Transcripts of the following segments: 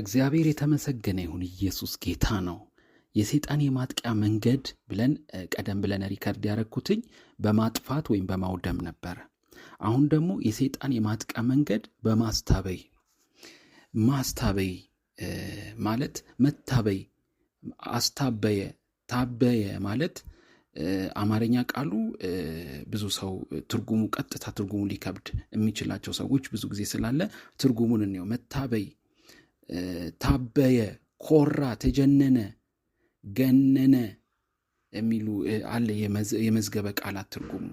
እግዚአብሔር የተመሰገነ ይሁን። ኢየሱስ ጌታ ነው። የሰይጣን የማጥቂያ መንገድ ብለን ቀደም ብለን ሪከርድ ያደረግኩትኝ በማጥፋት ወይም በማውደም ነበረ። አሁን ደግሞ የሰይጣን የማጥቂያ መንገድ በማስታበይ ማስታበይ ማለት መታበይ፣ አስታበየ፣ ታበየ ማለት አማርኛ ቃሉ ብዙ ሰው ትርጉሙ ቀጥታ ትርጉሙ ሊከብድ የሚችላቸው ሰዎች ብዙ ጊዜ ስላለ ትርጉሙን እንየው። መታበይ ታበየ፣ ኮራ፣ ተጀነነ፣ ገነነ የሚሉ አለ የመዝገበ ቃላት ትርጉሙ።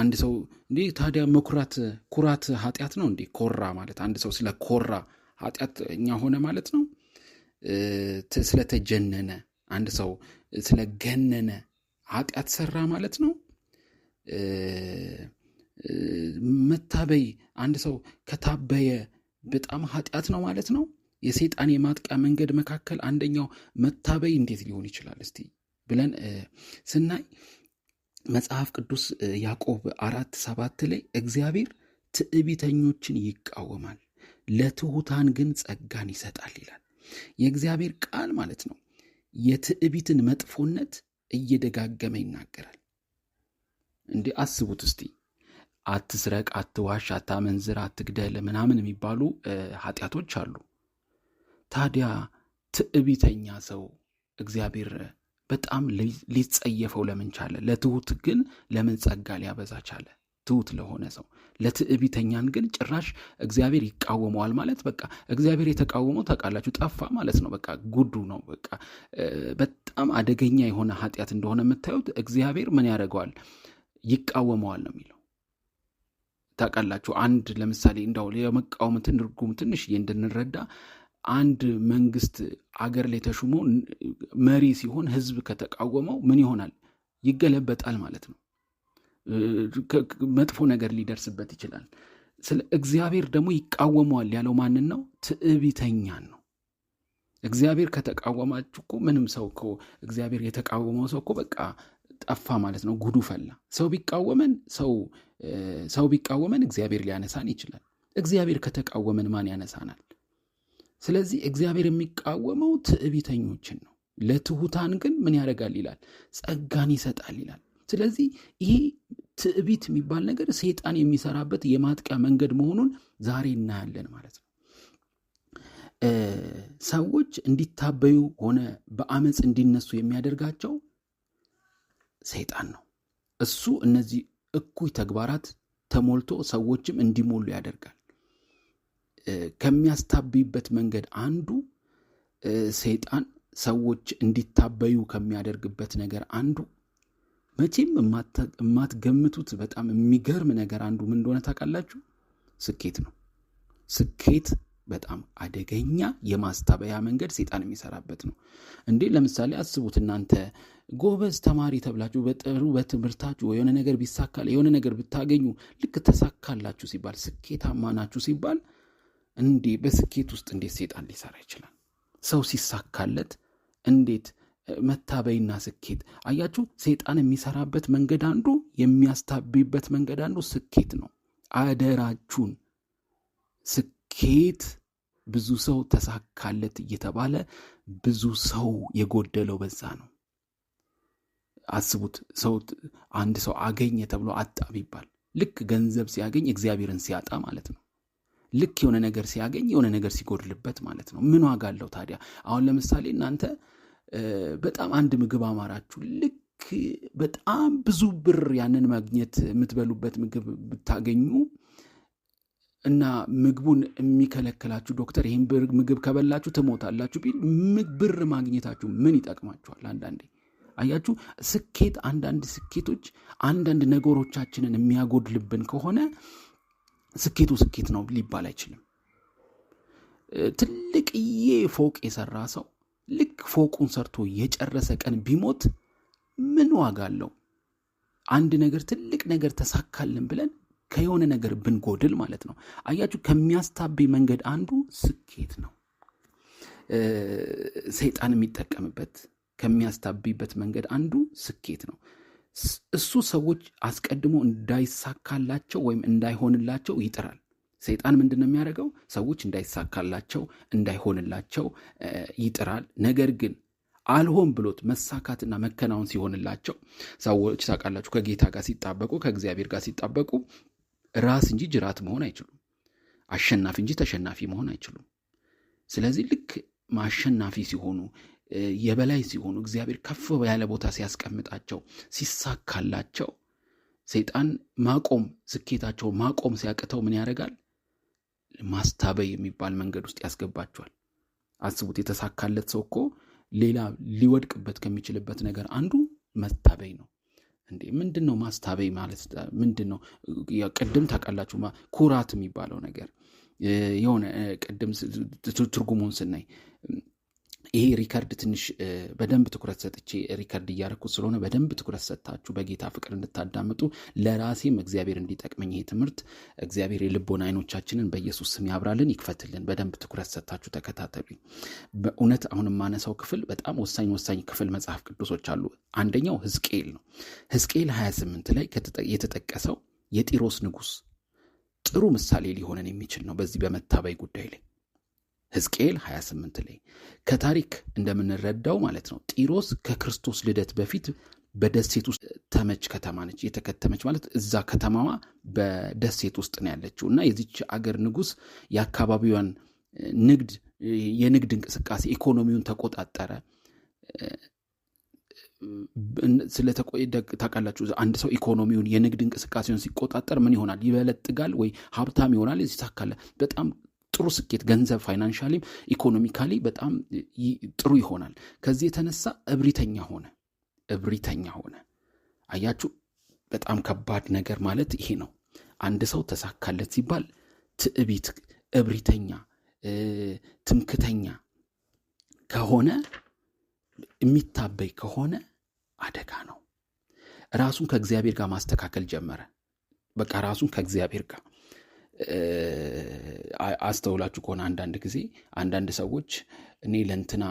አንድ ሰው እንዲህ ታዲያ መኩራት ኩራት ኃጢአት ነው እንዴ? ኮራ ማለት አንድ ሰው ስለ ኮራ ኃጢአተኛ ሆነ ማለት ነው። ስለተጀነነ አንድ ሰው ስለገነነ ኃጢአት ሰራ ማለት ነው። መታበይ አንድ ሰው ከታበየ በጣም ኃጢአት ነው ማለት ነው። የሰይጣን የማጥቂያ መንገድ መካከል አንደኛው መታበይ እንዴት ሊሆን ይችላል እስቲ ብለን ስናይ መጽሐፍ ቅዱስ ያዕቆብ አራት ሰባት ላይ እግዚአብሔር ትዕቢተኞችን ይቃወማል፣ ለትሑታን ግን ጸጋን ይሰጣል ይላል። የእግዚአብሔር ቃል ማለት ነው የትዕቢትን መጥፎነት እየደጋገመ ይናገራል። እንዲህ አስቡት እስቲ አትስረቅ፣ አትዋሽ፣ አታመንዝር፣ አትግደል ምናምን የሚባሉ ኃጢአቶች አሉ። ታዲያ ትዕቢተኛ ሰው እግዚአብሔር በጣም ሊጸየፈው ለምን ቻለ? ለትሁት ግን ለምን ጸጋ ሊያበዛ ቻለ? ትሁት ለሆነ ሰው ለትዕቢተኛን ግን ጭራሽ እግዚአብሔር ይቃወመዋል ማለት በቃ እግዚአብሔር የተቃወመው ታውቃላችሁ ጠፋ ማለት ነው። በቃ ጉዱ ነው። በቃ በጣም አደገኛ የሆነ ኃጢአት እንደሆነ የምታዩት እግዚአብሔር ምን ያደርገዋል? ይቃወመዋል ነው የሚለው። ታውቃላችሁ አንድ ለምሳሌ እንዳው የመቃወም ትርጉም ትንሽ እንድንረዳ አንድ መንግስት አገር ላይ ተሹሞ መሪ ሲሆን ህዝብ ከተቃወመው ምን ይሆናል? ይገለበጣል ማለት ነው። መጥፎ ነገር ሊደርስበት ይችላል። ስለ እግዚአብሔር ደግሞ ይቃወመዋል ያለው ማንን ነው? ትዕቢተኛን ነው። እግዚአብሔር ከተቃወማችሁ እኮ ምንም ሰው እኮ እግዚአብሔር የተቃወመው ሰው እኮ በቃ ጠፋ ማለት ነው። ጉዱ ፈላ። ሰው ቢቃወመን ሰው ሰው ቢቃወመን እግዚአብሔር ሊያነሳን ይችላል። እግዚአብሔር ከተቃወመን ማን ያነሳናል? ስለዚህ እግዚአብሔር የሚቃወመው ትዕቢተኞችን ነው። ለትሑታን ግን ምን ያደርጋል ይላል? ጸጋን ይሰጣል ይላል። ስለዚህ ይሄ ትዕቢት የሚባል ነገር ሰይጣን የሚሰራበት የማጥቂያ መንገድ መሆኑን ዛሬ እናያለን ማለት ነው። ሰዎች እንዲታበዩ ሆነ በአመፅ እንዲነሱ የሚያደርጋቸው ሰይጣን ነው። እሱ እነዚህ እኩይ ተግባራት ተሞልቶ ሰዎችም እንዲሞሉ ያደርጋል። ከሚያስታብይበት መንገድ አንዱ ሰይጣን ሰዎች እንዲታበዩ ከሚያደርግበት ነገር አንዱ መቼም የማትገምቱት በጣም የሚገርም ነገር አንዱ ምን እንደሆነ ታውቃላችሁ? ስኬት ነው። ስኬት በጣም አደገኛ የማስታበያ መንገድ ሴጣን የሚሰራበት ነው። እንዴ ለምሳሌ አስቡት እናንተ ጎበዝ ተማሪ ተብላችሁ በጥሩ በትምህርታችሁ የሆነ ነገር ቢሳካል የሆነ ነገር ብታገኙ ልክ ተሳካላችሁ ሲባል ስኬታማ ናችሁ ሲባል እንዴ በስኬት ውስጥ እንዴት ሴጣን ሊሰራ ይችላል? ሰው ሲሳካለት እንዴት መታበይና ስኬት አያችሁ። ሴጣን የሚሰራበት መንገድ አንዱ የሚያስታብይበት መንገድ አንዱ ስኬት ነው። አደራችሁን ስኬት ብዙ ሰው ተሳካለት እየተባለ ብዙ ሰው የጎደለው በዛ ነው። አስቡት። ሰው አንድ ሰው አገኘ ተብሎ አጣ ቢባል ልክ ገንዘብ ሲያገኝ እግዚአብሔርን ሲያጣ ማለት ነው። ልክ የሆነ ነገር ሲያገኝ የሆነ ነገር ሲጎድልበት ማለት ነው። ምን ዋጋ አለው ታዲያ? አሁን ለምሳሌ እናንተ በጣም አንድ ምግብ አማራችሁ፣ ልክ በጣም ብዙ ብር ያንን ማግኘት የምትበሉበት ምግብ ብታገኙ እና ምግቡን የሚከለክላችሁ ዶክተር ይህን ምግብ ከበላችሁ ትሞታላችሁ ቢል ብር ማግኘታችሁ ምን ይጠቅማችኋል? አንዳንዴ አያችሁ፣ ስኬት አንዳንድ ስኬቶች አንዳንድ ነገሮቻችንን የሚያጎድልብን ከሆነ ስኬቱ ስኬት ነው ሊባል አይችልም። ትልቅዬ ፎቅ የሰራ ሰው ልክ ፎቁን ሰርቶ የጨረሰ ቀን ቢሞት ምን ዋጋ አለው? አንድ ነገር ትልቅ ነገር ተሳካልን ብለን ከየሆነ ነገር ብንጎድል ማለት ነው። አያችሁ፣ ከሚያስታቤ መንገድ አንዱ ስኬት ነው። ሰይጣን የሚጠቀምበት ከሚያስታብይበት መንገድ አንዱ ስኬት ነው። እሱ ሰዎች አስቀድሞ እንዳይሳካላቸው ወይም እንዳይሆንላቸው ይጥራል። ሰይጣን ምንድን ነው የሚያደርገው? ሰዎች እንዳይሳካላቸው እንዳይሆንላቸው ይጥራል። ነገር ግን አልሆን ብሎት መሳካትና መከናወን ሲሆንላቸው ሰዎች ታውቃላችሁ፣ ከጌታ ጋር ሲጣበቁ ከእግዚአብሔር ጋር ሲጣበቁ ራስ እንጂ ጅራት መሆን አይችሉም። አሸናፊ እንጂ ተሸናፊ መሆን አይችሉም። ስለዚህ ልክ ማሸናፊ ሲሆኑ የበላይ ሲሆኑ እግዚአብሔር ከፍ ያለ ቦታ ሲያስቀምጣቸው ሲሳካላቸው ሰይጣን ማቆም ስኬታቸው ማቆም ሲያቅተው ምን ያደርጋል? ማስታበይ የሚባል መንገድ ውስጥ ያስገባቸዋል። አስቡት፣ የተሳካለት ሰው እኮ ሌላ ሊወድቅበት ከሚችልበት ነገር አንዱ መታበይ ነው። እንዴ ምንድን ነው ማስታበይ ማለት ምንድን ነው? ቅድም ታቃላችሁ ኩራት የሚባለው ነገር የሆነ ቅድም ትርጉሙን ስናይ ይሄ ሪከርድ ትንሽ በደንብ ትኩረት ሰጥቼ ሪከርድ እያደረኩት ስለሆነ በደንብ ትኩረት ሰጥታችሁ በጌታ ፍቅር እንድታዳምጡ ለራሴም እግዚአብሔር እንዲጠቅመኝ ይሄ ትምህርት እግዚአብሔር የልቦና አይኖቻችንን በኢየሱስ ስም ያብራልን፣ ይክፈትልን። በደንብ ትኩረት ሰጥታችሁ ተከታተሉኝ። በእውነት አሁን የማነሳው ክፍል በጣም ወሳኝ ወሳኝ ክፍል መጽሐፍ ቅዱሶች አሉ። አንደኛው ህዝቅኤል ነው። ህዝቅኤል 28 ላይ የተጠቀሰው የጢሮስ ንጉስ ጥሩ ምሳሌ ሊሆነን የሚችል ነው በዚህ በመታበይ ጉዳይ ላይ ህዝቅኤል 28 ላይ ከታሪክ እንደምንረዳው ማለት ነው ጢሮስ ከክርስቶስ ልደት በፊት በደሴት ውስጥ ተመች ከተማ ነች። የተከተመች ማለት እዛ ከተማዋ በደሴት ውስጥ ነው ያለችው እና የዚች አገር ንጉስ የአካባቢዋን ንግድ የንግድ እንቅስቃሴ ኢኮኖሚውን ተቆጣጠረ። ስለታቃላችሁ አንድ ሰው ኢኮኖሚውን የንግድ እንቅስቃሴውን ሲቆጣጠር ምን ይሆናል? ይበለጥጋል ወይ ሀብታም ይሆናል፣ ይሳካለ። በጣም ጥሩ ስኬት ገንዘብ፣ ፋይናንሻሊም ኢኮኖሚካሊ በጣም ጥሩ ይሆናል። ከዚህ የተነሳ እብሪተኛ ሆነ እብሪተኛ ሆነ። አያችሁ፣ በጣም ከባድ ነገር ማለት ይሄ ነው። አንድ ሰው ተሳካለት ሲባል ትዕቢት፣ እብሪተኛ፣ ትምክተኛ ከሆነ የሚታበይ ከሆነ አደጋ ነው። ራሱን ከእግዚአብሔር ጋር ማስተካከል ጀመረ። በቃ ራሱን ከእግዚአብሔር ጋር አስተውላችሁ ከሆነ አንዳንድ ጊዜ አንዳንድ ሰዎች እኔ ለእንትና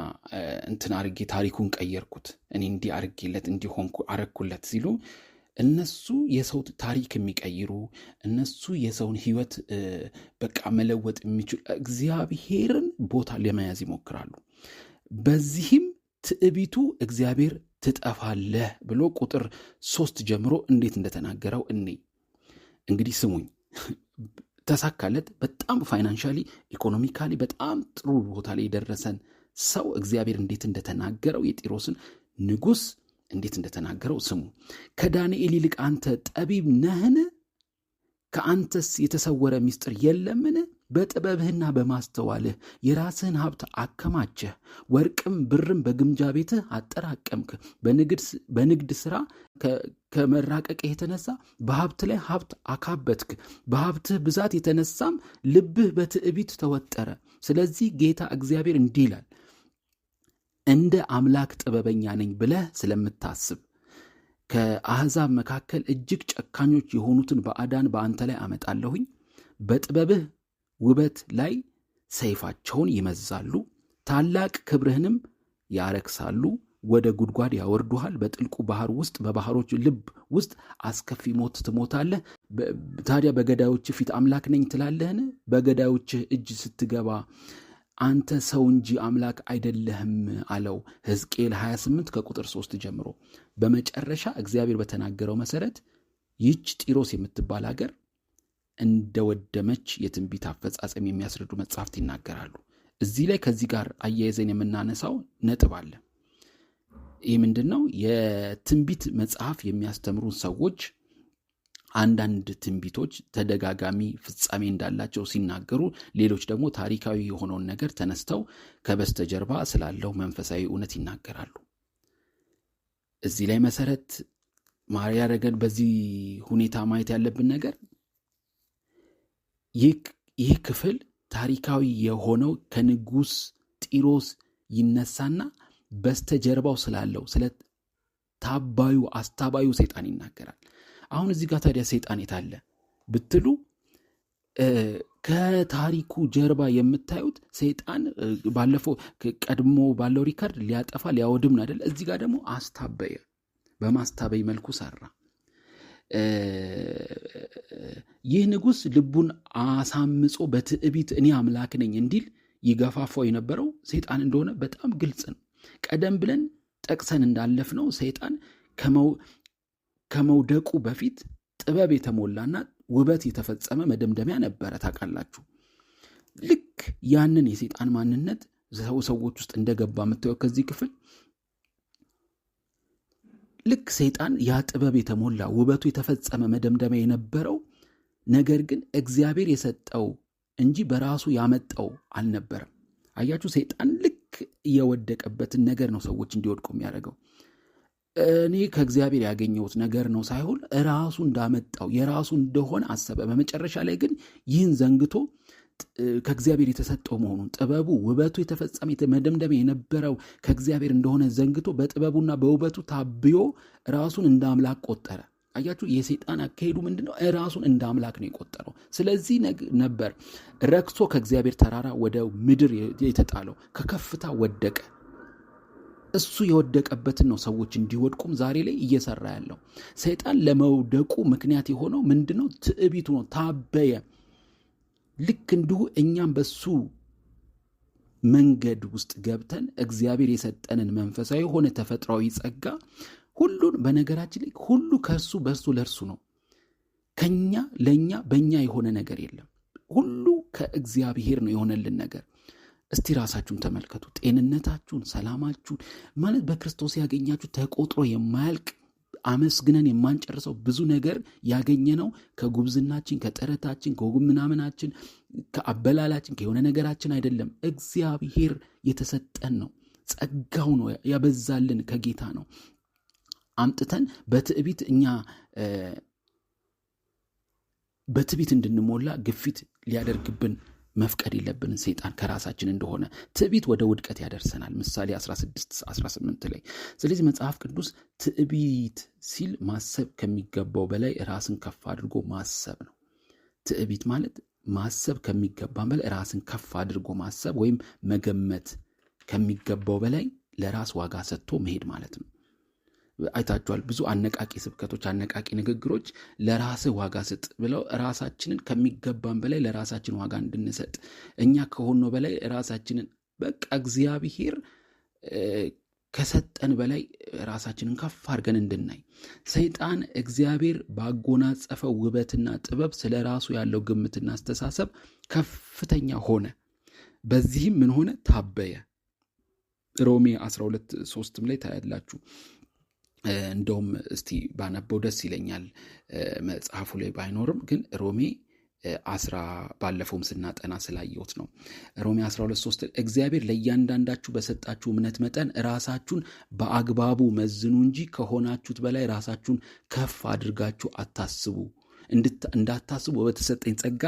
እንትን አርጌ ታሪኩን ቀየርኩት፣ እኔ እንዲ አርጌለት እንዲሆን አረግኩለት ሲሉ እነሱ የሰው ታሪክ የሚቀይሩ እነሱ የሰውን ህይወት በቃ መለወጥ የሚችሉ እግዚአብሔርን ቦታ ለመያዝ ይሞክራሉ። በዚህም ትዕቢቱ እግዚአብሔር ትጠፋለህ ብሎ ቁጥር ሶስት ጀምሮ እንዴት እንደተናገረው እኔ እንግዲህ ስሙኝ ተሳካለት። በጣም ፋይናንሻሊ ኢኮኖሚካሊ በጣም ጥሩ ቦታ ላይ የደረሰን ሰው እግዚአብሔር እንዴት እንደተናገረው የጢሮስን ንጉስ እንዴት እንደተናገረው ስሙ። ከዳንኤል ይልቅ አንተ ጠቢብ ነህን? ከአንተስ የተሰወረ ምስጢር የለምን? በጥበብህና በማስተዋልህ የራስህን ሀብት አከማቸህ፣ ወርቅም ብርም በግምጃ ቤትህ አጠራቀምክ። በንግድ ስራ ከመራቀቅህ የተነሳ በሀብት ላይ ሀብት አካበትክ። በሀብትህ ብዛት የተነሳም ልብህ በትዕቢት ተወጠረ። ስለዚህ ጌታ እግዚአብሔር እንዲህ ይላል፣ እንደ አምላክ ጥበበኛ ነኝ ብለህ ስለምታስብ ከአሕዛብ መካከል እጅግ ጨካኞች የሆኑትን ባዕዳን በአንተ ላይ አመጣለሁኝ በጥበብህ ውበት ላይ ሰይፋቸውን ይመዛሉ፣ ታላቅ ክብርህንም ያረክሳሉ፣ ወደ ጉድጓድ ያወርዱሃል፣ በጥልቁ ባህር ውስጥ በባህሮች ልብ ውስጥ አስከፊ ሞት ትሞታለህ። ታዲያ በገዳዮች ፊት አምላክ ነኝ ትላለህን? በገዳዮች እጅ ስትገባ አንተ ሰው እንጂ አምላክ አይደለህም አለው። ሕዝቅኤል 28 ከቁጥር 3 ጀምሮ። በመጨረሻ እግዚአብሔር በተናገረው መሰረት ይች ጢሮስ የምትባል አገር እንደወደመች የትንቢት አፈጻጸም የሚያስረዱ መጽሐፍት ይናገራሉ። እዚህ ላይ ከዚህ ጋር አያይዘን የምናነሳው ነጥብ አለ። ይህ ምንድን ነው? የትንቢት መጽሐፍ የሚያስተምሩን ሰዎች አንዳንድ ትንቢቶች ተደጋጋሚ ፍጻሜ እንዳላቸው ሲናገሩ፣ ሌሎች ደግሞ ታሪካዊ የሆነውን ነገር ተነስተው ከበስተጀርባ ስላለው መንፈሳዊ እውነት ይናገራሉ። እዚህ ላይ መሰረት ማርያ ረገድ በዚህ ሁኔታ ማየት ያለብን ነገር ይህ ክፍል ታሪካዊ የሆነው ከንጉሥ ጢሮስ ይነሳና በስተጀርባው ስላለው ስለ ታባዩ አስታባዩ ሰይጣን ይናገራል። አሁን እዚህ ጋር ታዲያ ሰይጣን የታለ ብትሉ ከታሪኩ ጀርባ የምታዩት ሰይጣን ባለፈው ቀድሞ ባለው ሪከርድ ሊያጠፋ ሊያወድም አደለ። እዚህ ጋር ደግሞ አስታበየ፣ በማስታበይ መልኩ ሰራ። ይህ ንጉሥ ልቡን አሳምጾ በትዕቢት እኔ አምላክ ነኝ እንዲል ይገፋፋው የነበረው ሰይጣን እንደሆነ በጣም ግልጽ ነው። ቀደም ብለን ጠቅሰን እንዳለፍ ነው ሰይጣን ከመውደቁ በፊት ጥበብ የተሞላና ውበት የተፈጸመ መደምደሚያ ነበረ። ታውቃላችሁ፣ ልክ ያንን የሰይጣን ማንነት ሰው ሰዎች ውስጥ እንደገባ የምታየው ከዚህ ክፍል ልክ ሰይጣን ያ ጥበብ የተሞላ ውበቱ የተፈጸመ መደምደሚያ የነበረው ነገር ግን እግዚአብሔር የሰጠው እንጂ በራሱ ያመጣው አልነበረም። አያችሁ፣ ሰይጣን ልክ የወደቀበትን ነገር ነው ሰዎች እንዲወድቁ የሚያደርገው። እኔ ከእግዚአብሔር ያገኘሁት ነገር ነው ሳይሆን ራሱ እንዳመጣው የራሱ እንደሆነ አሰበ። በመጨረሻ ላይ ግን ይህን ዘንግቶ ከእግዚአብሔር የተሰጠው መሆኑን ጥበቡ ውበቱ የተፈጸመ መደምደሚያ የነበረው ከእግዚአብሔር እንደሆነ ዘንግቶ በጥበቡና በውበቱ ታብዮ ራሱን እንደ አምላክ ቆጠረ። አያችሁ፣ የሰይጣን አካሄዱ ምንድን ነው? ራሱን እንደ አምላክ ነው የቆጠረው። ስለዚህ ነበር ረክሶ ከእግዚአብሔር ተራራ ወደ ምድር የተጣለው፣ ከከፍታ ወደቀ። እሱ የወደቀበትን ነው ሰዎች እንዲወድቁም ዛሬ ላይ እየሰራ ያለው። ሰይጣን ለመውደቁ ምክንያት የሆነው ምንድነው? ትዕቢቱ ነው። ታበየ። ልክ እንዲሁ እኛም በሱ መንገድ ውስጥ ገብተን እግዚአብሔር የሰጠንን መንፈሳዊ የሆነ ተፈጥሯዊ ጸጋ ሁሉን በነገራችን ላይ ሁሉ ከእሱ በእርሱ ለእርሱ ነው። ከኛ ለእኛ በእኛ የሆነ ነገር የለም። ሁሉ ከእግዚአብሔር ነው የሆነልን ነገር። እስቲ ራሳችሁን ተመልከቱ። ጤንነታችሁን፣ ሰላማችሁን ማለት በክርስቶስ ያገኛችሁ ተቆጥሮ የማያልቅ አመስግነን የማንጨርሰው ብዙ ነገር ያገኘነው ከጉብዝናችን፣ ከጥረታችን፣ ከጉምናምናችን፣ ከአበላላችን፣ ከሆነ ነገራችን አይደለም። እግዚአብሔር የተሰጠን ነው። ጸጋው ነው ያበዛልን ከጌታ ነው። አምጥተን በትዕቢት እኛ በትዕቢት እንድንሞላ ግፊት ሊያደርግብን መፍቀድ የለብንን ሰይጣን ከራሳችን እንደሆነ ትዕቢት ወደ ውድቀት ያደርሰናል። ምሳሌ 1618 ላይ። ስለዚህ መጽሐፍ ቅዱስ ትዕቢት ሲል ማሰብ ከሚገባው በላይ ራስን ከፍ አድርጎ ማሰብ ነው። ትዕቢት ማለት ማሰብ ከሚገባን በላይ ራስን ከፍ አድርጎ ማሰብ ወይም መገመት ከሚገባው በላይ ለራስ ዋጋ ሰጥቶ መሄድ ማለት ነው። አይታችኋል። ብዙ አነቃቂ ስብከቶች፣ አነቃቂ ንግግሮች ለራስ ዋጋ ስጥ ብለው ራሳችንን ከሚገባን በላይ ለራሳችን ዋጋ እንድንሰጥ እኛ ከሆኖ በላይ ራሳችንን በቃ እግዚአብሔር ከሰጠን በላይ ራሳችንን ከፍ አድርገን እንድናይ ሰይጣን እግዚአብሔር ባጎናጸፈው ውበትና ጥበብ ስለ ራሱ ያለው ግምትና አስተሳሰብ ከፍተኛ ሆነ። በዚህም ምን ሆነ? ታበየ። ሮሜ 12 ሶስትም ላይ ታያላችሁ። እንደውም እስቲ ባነበው ደስ ይለኛል። መጽሐፉ ላይ ባይኖርም ግን ሮሜ አስራ ባለፈውም ስናጠና ስላየሁት ነው። ሮሜ 12 3 እግዚአብሔር ለእያንዳንዳችሁ በሰጣችሁ እምነት መጠን ራሳችሁን በአግባቡ መዝኑ እንጂ ከሆናችሁት በላይ ራሳችሁን ከፍ አድርጋችሁ አታስቡ፣ እንዳታስቡ በተሰጠኝ ጸጋ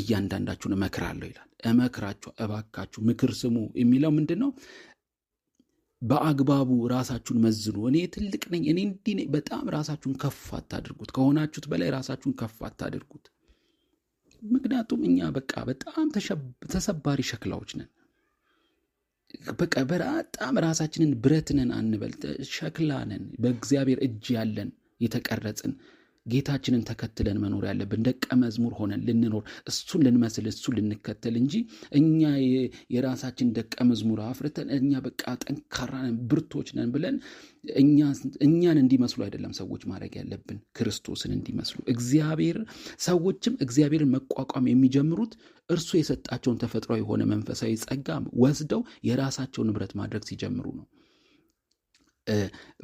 እያንዳንዳችሁን እመክራለሁ ይላል። እመክራችሁ እባካችሁ ምክር ስሙ የሚለው ምንድን ነው? በአግባቡ ራሳችሁን መዝኑ። እኔ ትልቅ ነኝ፣ እኔ እንዲህ ነኝ። በጣም ራሳችሁን ከፍ አታድርጉት። ከሆናችሁት በላይ ራሳችሁን ከፍ አታድርጉት። ምክንያቱም እኛ በቃ በጣም ተሰባሪ ሸክላዎች ነን። በቃ በጣም ራሳችንን ብረት ነን አንበል፣ ሸክላ ነን። በእግዚአብሔር እጅ ያለን የተቀረጽን ጌታችንን ተከትለን መኖር ያለብን ደቀ መዝሙር ሆነን ልንኖር እሱን ልንመስል እሱን ልንከተል እንጂ እኛ የራሳችን ደቀ መዝሙር አፍርተን እኛ በቃ ጠንካራ ነን፣ ብርቶች ነን ብለን እኛን እንዲመስሉ አይደለም ሰዎች ማድረግ ያለብን፣ ክርስቶስን እንዲመስሉ እግዚአብሔር። ሰዎችም እግዚአብሔርን መቋቋም የሚጀምሩት እርሱ የሰጣቸውን ተፈጥሯዊ የሆነ መንፈሳዊ ጸጋ ወስደው የራሳቸው ንብረት ማድረግ ሲጀምሩ ነው።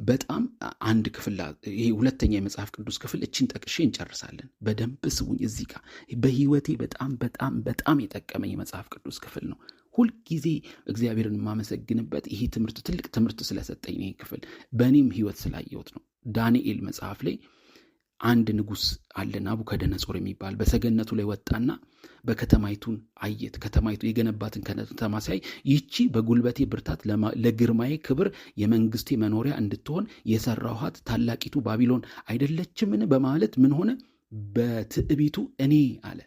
በጣም አንድ ክፍል ይሄ ሁለተኛ የመጽሐፍ ቅዱስ ክፍል እችን ጠቅሼ እንጨርሳለን። በደንብ ስውኝ እዚህ ጋር በህይወቴ በጣም በጣም በጣም የጠቀመኝ የመጽሐፍ ቅዱስ ክፍል ነው። ሁልጊዜ እግዚአብሔርን የማመሰግንበት ይሄ ትምህርት ትልቅ ትምህርት ስለሰጠኝ ይሄ ክፍል በእኔም ህይወት ስላየሁት ነው። ዳንኤል መጽሐፍ ላይ አንድ ንጉስ አለ ናቡከደነጾር የሚባል በሰገነቱ ላይ ወጣና በከተማይቱን አየት። ከተማይቱ የገነባትን ከተማ ሲያይ ይቺ በጉልበቴ ብርታት ለግርማዬ ክብር የመንግስቴ መኖሪያ እንድትሆን የሰራኋት ታላቂቱ ባቢሎን አይደለችምን? በማለት ምን ሆነ? በትዕቢቱ እኔ አለ።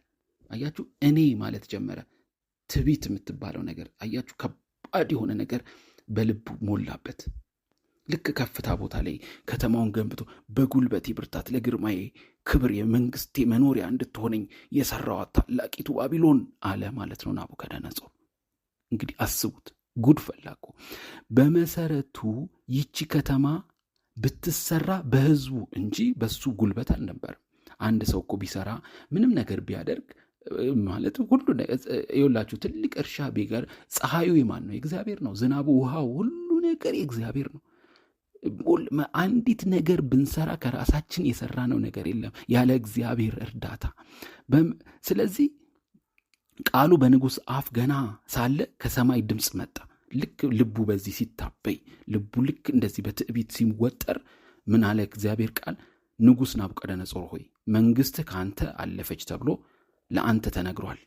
አያችሁ፣ እኔ ማለት ጀመረ። ትዕቢት የምትባለው ነገር አያችሁ፣ ከባድ የሆነ ነገር በልቡ ሞላበት። ልክ ከፍታ ቦታ ላይ ከተማውን ገንብቶ በጉልበቴ ብርታት ለግርማዬ ክብር የመንግስቴ መኖሪያ እንድትሆነኝ የሰራዋት ታላቂቱ ባቢሎን አለ ማለት ነው ናቡከደነጾር። እንግዲህ አስቡት፣ ጉድ ፈላጎ። በመሰረቱ ይቺ ከተማ ብትሰራ በህዝቡ እንጂ በሱ ጉልበት አልነበርም። አንድ ሰው እኮ ቢሰራ ምንም ነገር ቢያደርግ ማለት ሁሉ የወላችሁ ትልቅ እርሻ ቢጋር ፀሐዩ የማን ነው? የእግዚአብሔር ነው። ዝናቡ፣ ውሃው፣ ሁሉ ነገር የእግዚአብሔር ነው። አንዲት ነገር ብንሰራ ከራሳችን የሰራነው ነገር የለም ያለ እግዚአብሔር እርዳታ። ስለዚህ ቃሉ በንጉሥ አፍ ገና ሳለ ከሰማይ ድምፅ መጣ። ልክ ልቡ በዚህ ሲታበይ፣ ልቡ ልክ እንደዚህ በትዕቢት ሲወጠር ምን አለ እግዚአብሔር ቃል? ንጉሥ ናቡከደነጾር ሆይ መንግሥትህ ከአንተ አለፈች ተብሎ ለአንተ ተነግሯል።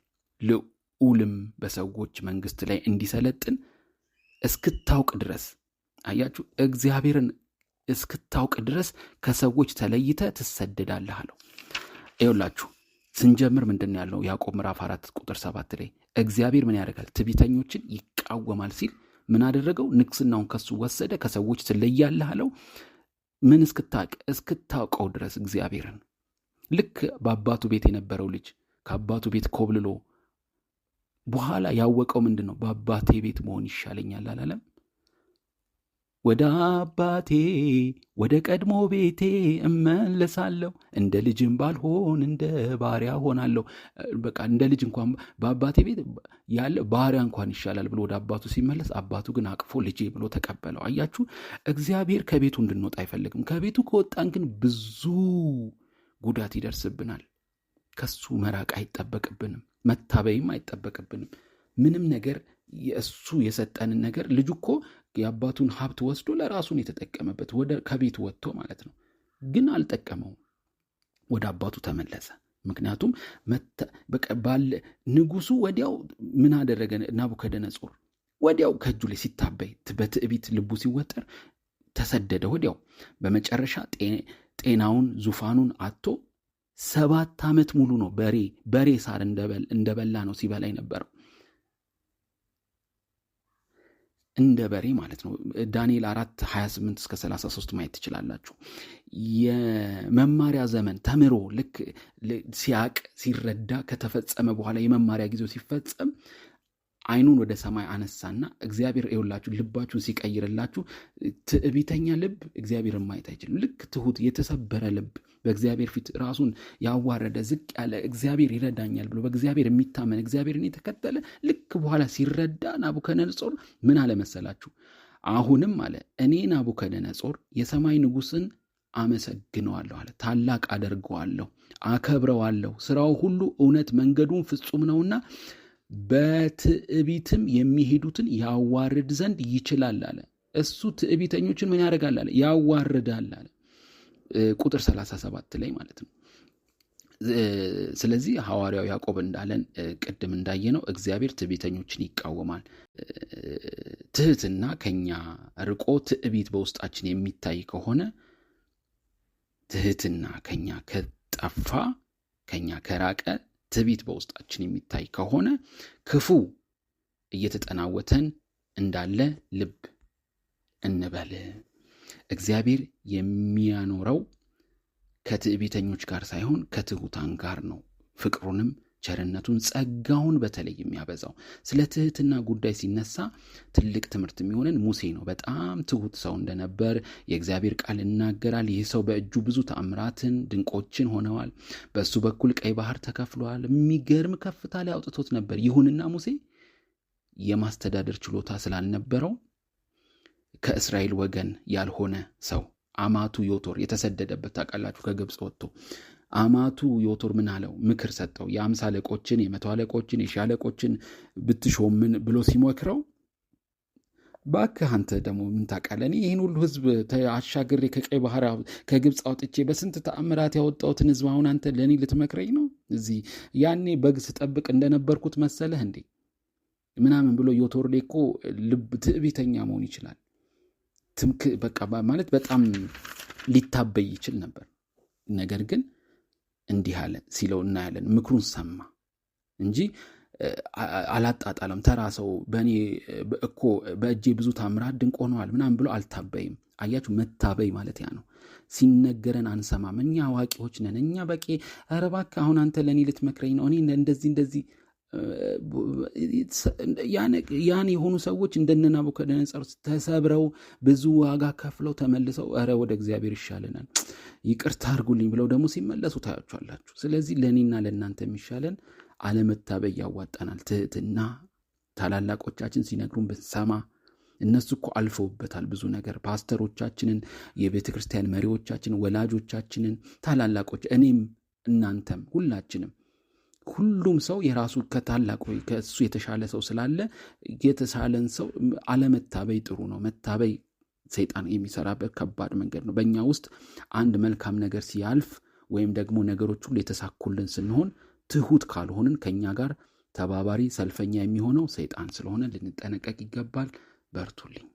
ልዑልም በሰዎች መንግሥት ላይ እንዲሰለጥን እስክታውቅ ድረስ አያችሁ እግዚአብሔርን እስክታውቅ ድረስ ከሰዎች ተለይተ ትሰደዳለህ አለው። ይውላችሁ ስንጀምር ምንድን ያለው ያዕቆብ ምዕራፍ አራት ቁጥር ሰባት ላይ እግዚአብሔር ምን ያደርጋል? ትቢተኞችን ይቃወማል ሲል ምን አደረገው? ንግስናውን ከሱ ወሰደ። ከሰዎች ትለያለህ አለው። ምን እስክታቅ እስክታውቀው ድረስ እግዚአብሔርን ልክ በአባቱ ቤት የነበረው ልጅ ከአባቱ ቤት ኮብልሎ በኋላ ያወቀው ምንድን ነው? በአባቴ ቤት መሆን ይሻለኛል አላለም? ወደ አባቴ ወደ ቀድሞ ቤቴ እመለሳለሁ። እንደ ልጅም ባልሆን እንደ ባሪያ ሆናለሁ። በቃ እንደ ልጅ እንኳን በአባቴ ቤት ያለ ባሪያ እንኳን ይሻላል ብሎ ወደ አባቱ ሲመለስ አባቱ ግን አቅፎ ልጄ ብሎ ተቀበለው። አያችሁ፣ እግዚአብሔር ከቤቱ እንድንወጣ አይፈልግም። ከቤቱ ከወጣን ግን ብዙ ጉዳት ይደርስብናል። ከሱ መራቅ አይጠበቅብንም፣ መታበይም አይጠበቅብንም። ምንም ነገር የእሱ የሰጠንን ነገር ልጁ እኮ የአባቱን ሀብት ወስዶ ለራሱን የተጠቀመበት ወደ ከቤት ወጥቶ ማለት ነው። ግን አልጠቀመውም። ወደ አባቱ ተመለሰ። ምክንያቱም ባለ ንጉሱ ወዲያው ምን አደረገ? ናቡከደነጾር ወዲያው ከእጁ ላይ ሲታበይ በትዕቢት ልቡ ሲወጠር ተሰደደ። ወዲያው በመጨረሻ ጤናውን ዙፋኑን አቶ ሰባት ዓመት ሙሉ ነው በሬ በሬ ሳር እንደበላ ነው ሲበላይ ነበረው። እንደ በሬ ማለት ነው። ዳንኤል አራት 28 እስከ 33 ማየት ትችላላችሁ። የመማሪያ ዘመን ተምሮ ልክ ሲያቅ ሲረዳ ከተፈጸመ በኋላ የመማሪያ ጊዜው ሲፈጸም አይኑን ወደ ሰማይ አነሳና እግዚአብሔር ይውላችሁ ልባችሁን ሲቀይርላችሁ ትዕቢተኛ ልብ እግዚአብሔር ማየት አይችልም። ልክ ትሁት የተሰበረ ልብ በእግዚአብሔር ፊት ራሱን ያዋረደ ዝቅ ያለ እግዚአብሔር ይረዳኛል ብሎ በእግዚአብሔር የሚታመን እግዚአብሔርን የተከተለ ልክ በኋላ ሲረዳ ናቡከደነጾር ምን አለመሰላችሁ? አሁንም አለ እኔ ናቡከደነጾር የሰማይ ንጉሥን አመሰግነዋለሁ አለ። ታላቅ አደርገዋለሁ፣ አከብረዋለሁ። ስራው ሁሉ እውነት መንገዱን ፍጹም ነውና በትዕቢትም የሚሄዱትን ያዋርድ ዘንድ ይችላል አለ። እሱ ትዕቢተኞችን ምን ያደርጋል አለ? ያዋርዳል አለ። ቁጥር 37 ላይ ማለት ነው። ስለዚህ ሐዋርያው ያዕቆብ እንዳለን ቅድም እንዳየነው እግዚአብሔር ትዕቢተኞችን ይቃወማል። ትህትና ከኛ ርቆ ትዕቢት በውስጣችን የሚታይ ከሆነ ትህትና ከኛ ከጠፋ ከኛ ከራቀ ትቢት በውስጣችን የሚታይ ከሆነ ክፉ እየተጠናወተን እንዳለ ልብ እንበል። እግዚአብሔር የሚያኖረው ከትዕቢተኞች ጋር ሳይሆን ከትሑታን ጋር ነው። ፍቅሩንም ቸርነቱን፣ ጸጋውን በተለይ የሚያበዛው ስለ ትህትና ጉዳይ ሲነሳ ትልቅ ትምህርት የሚሆንን ሙሴ ነው። በጣም ትሁት ሰው እንደነበር የእግዚአብሔር ቃል ይናገራል። ይህ ሰው በእጁ ብዙ ተአምራትን ድንቆችን ሆነዋል። በእሱ በኩል ቀይ ባህር ተከፍሏል። የሚገርም ከፍታ ላይ አውጥቶት ነበር። ይሁንና ሙሴ የማስተዳደር ችሎታ ስላልነበረው ከእስራኤል ወገን ያልሆነ ሰው አማቱ ዮቶር የተሰደደበት ታቃላችሁ ከግብፅ ወጥቶ አማቱ ዮቶር ምን አለው? ምክር ሰጠው። የአምሳ አለቆችን የመቶ አለቆችን የሺ አለቆችን ብትሾምን ብሎ ሲሞክረው እባክህ አንተ ደግሞ ምን ታውቃለህ? እኔ ይህን ሁሉ ህዝብ አሻግሬ ከቀይ ባህር ከግብፅ አውጥቼ በስንት ተአምራት ያወጣሁትን ህዝብ አሁን አንተ ለእኔ ልትመክረኝ ነው? እዚህ ያኔ በግ ስጠብቅ እንደነበርኩት መሰለህ እንዴ? ምናምን ብሎ ዮቶር እኮ ልብ ትዕቢተኛ መሆን ይችላል። ትምክ በቃ ማለት በጣም ሊታበይ ይችል ነበር። ነገር ግን እንዲህ አለ ሲለው እናያለን። ምክሩን ሰማ እንጂ አላጣጣለም። ተራ ሰው በእኔ እኮ በእጄ ብዙ ታምራት ድንቅ ሆነዋል ምናም ብሎ አልታበይም። አያችሁ መታበይ ማለት ያ ነው። ሲነገረን አንሰማም። እኛ አዋቂዎች ነን፣ እኛ በቂ። ኧረ አሁን አንተ ለእኔ ልትመክረኝ ነው እኔ እንደዚህ እንደዚህ ያን የሆኑ ሰዎች እንደነ ናቡከደነጸር ተሰብረው ብዙ ዋጋ ከፍለው ተመልሰው ኧረ ወደ እግዚአብሔር ይሻለናል ይቅርታ አድርጉልኝ ብለው ደግሞ ሲመለሱ ታያችኋላችሁ። ስለዚህ ለእኔና ለእናንተ የሚሻለን አለመታበይ ያዋጣናል። ትህትና ታላላቆቻችን ሲነግሩን ብንሰማ እነሱ እኮ አልፈውበታል ብዙ ነገር። ፓስተሮቻችንን፣ የቤተ ክርስቲያን መሪዎቻችን፣ ወላጆቻችንን፣ ታላላቆች እኔም እናንተም ሁላችንም ሁሉም ሰው የራሱ ከታላቅ ወይ ከእሱ የተሻለ ሰው ስላለ የተሳለን ሰው አለመታበይ ጥሩ ነው። መታበይ ሰይጣን የሚሰራበት ከባድ መንገድ ነው። በእኛ ውስጥ አንድ መልካም ነገር ሲያልፍ ወይም ደግሞ ነገሮች ሁሉ የተሳኩልን ስንሆን ትሁት ካልሆንን ከእኛ ጋር ተባባሪ ሰልፈኛ የሚሆነው ሰይጣን ስለሆነ ልንጠነቀቅ ይገባል። በርቱልኝ።